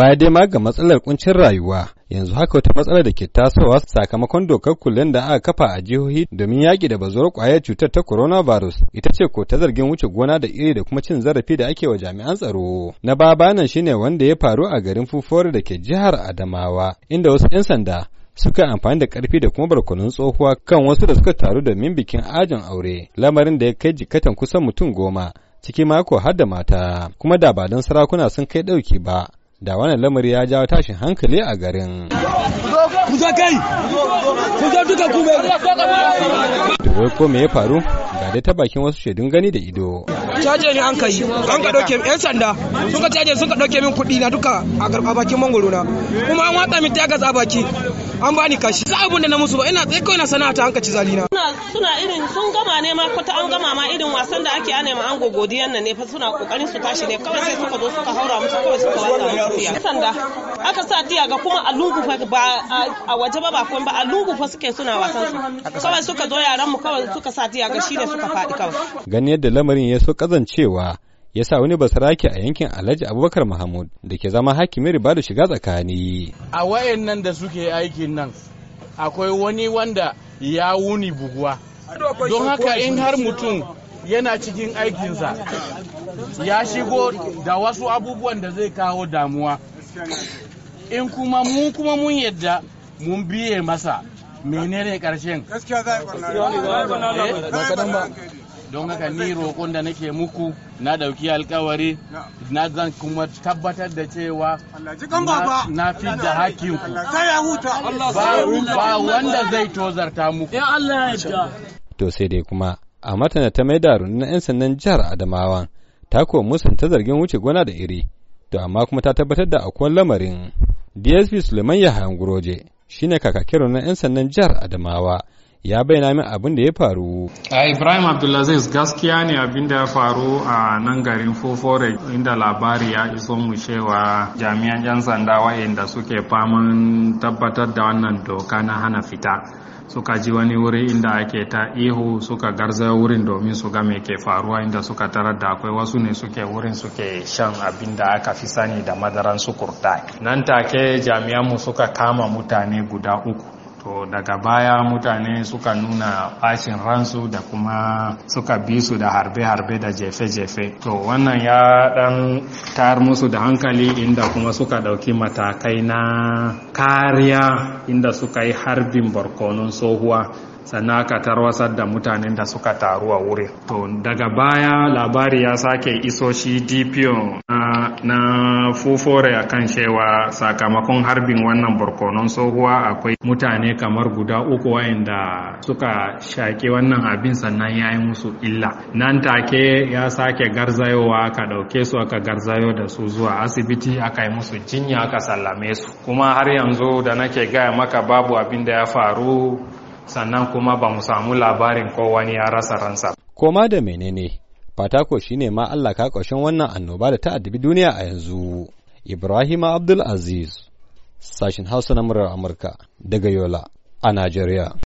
baya dai ma ga matsalar kuncin rayuwa yanzu haka wata matsalar da ke tasowa sakamakon dokar kullum da aka kafa a jihohi domin yaƙi da bazuwar ƙwayar cutar ta coronavirus ita ce ko ta zargin wuce gona da iri da kuma cin zarafi da ake wa jami'an tsaro na babanan shine wanda ya faru a garin fufore da ke jihar adamawa inda wasu 'yan sanda suka amfani da karfi da kuma barkonun tsohuwa kan wasu da suka taru domin bikin ajin aure lamarin da ya kai jikatan kusan mutum goma ciki mako har da mata kuma da ba don sarakuna sun kai ɗauki ba da wannan lamari ya jawo tashin hankali a garin. Ku zo ko me ya faru? Ga dai ta bakin wasu shaidun gani da ido. Caje ne an kai, an ka ɗauke yan sanda, sun ka caje sun ka ɗauke min kuɗi na duka a bakin mangoro na. Kuma an watsa min tagas a baki, an bani kashi. Za abun da na musu ba ina tsaye kawai na sana'a ta hankaci zalina. suna suna irin sun gama ne ma kwata an gama ma irin wasan da ake ana ma an gogodiyan nan ne fa suna kokarin su tashi ne kawai sai suka zo suka haura musu kawai suka wasa musu tiya sanda aka sa tiya ga kuma a lungu fa ba a waje ba ba kuma ba a lungu fa suke suna wasan su kawai suka zo yaran mu kawai suka sa tiya ga shine suka faɗi kawai gani yadda lamarin ya so kazancewa ya sa wani basarake a yankin alhaji abubakar mahmud da ke zama hakimin riba da shiga tsakani a nan da suke aikin nan akwai wani wanda ya wuni buguwa don haka in har mutum yana cikin aikinsa ya shigo da wasu abubuwan da zai kawo damuwa in kuma mun kuma mun yadda mun biye masa menene karshen don haka ni roƙon da nake muku na dauki alkawari na zan kuma tabbatar da cewa na fi da hakinku ba wanda zai tozarta muku to sai dai kuma a matana ta maida na 'yan sannan jihar Adamawa ta kuwa ta zargin wuce gona da iri to amma kuma ta tabbatar da akwai lamarin dsp suleiman yahaya shi shine kakakin na 'yan sannan jihar adamawa ya bayyana min abin da ya faru. Ibrahim Abdulaziz gaskiya ne abin da ya faru a nan garin Fofore inda labari ya iso mu cewa jami'an 'yan sanda wa'inda suke faman tabbatar da wannan doka na hana fita. suka ji wani wuri inda ake ta ihu suka garza wurin domin su ga ke faruwa inda suka tarar da akwai wasu ne suke wurin suke shan abin da aka fi sani da madaran sukurta nan take jami'anmu suka kama mutane guda uku to daga baya mutane suka nuna bashin ransu da kuma suka bi su da harbe-harbe da jefe-jefe to wannan ya dan tar musu da hankali inda kuma suka dauki matakai na kariya inda suka yi harbin barkonon tsohuwa sannan aka tarwasar da mutanen da suka taru a wuri to daga baya labari ya sake iso shi dpo na, na fufore a kan cewa sakamakon harbin wannan barkonon tsohuwa akwai mutane kamar guda uku wa'inda suka shaƙe wannan abin sannan ya yi musu illa nan take ya sake garzayowa aka ɗauke su aka garzayo da su zuwa asibiti aka yi musu jinya aka sallame su kuma har yanzu da nake gaya maka babu abin da ya faru sannan kuma ba mu samu labarin ko wani ya rasa ransa. Koma da menene, Fatako shine ma Allah ka ƙoshin wannan annoba da ta addabi duniya a yanzu. Ibrahim Abdul Aziz, sashin Hausa na murar Amurka daga Yola a Najeriya.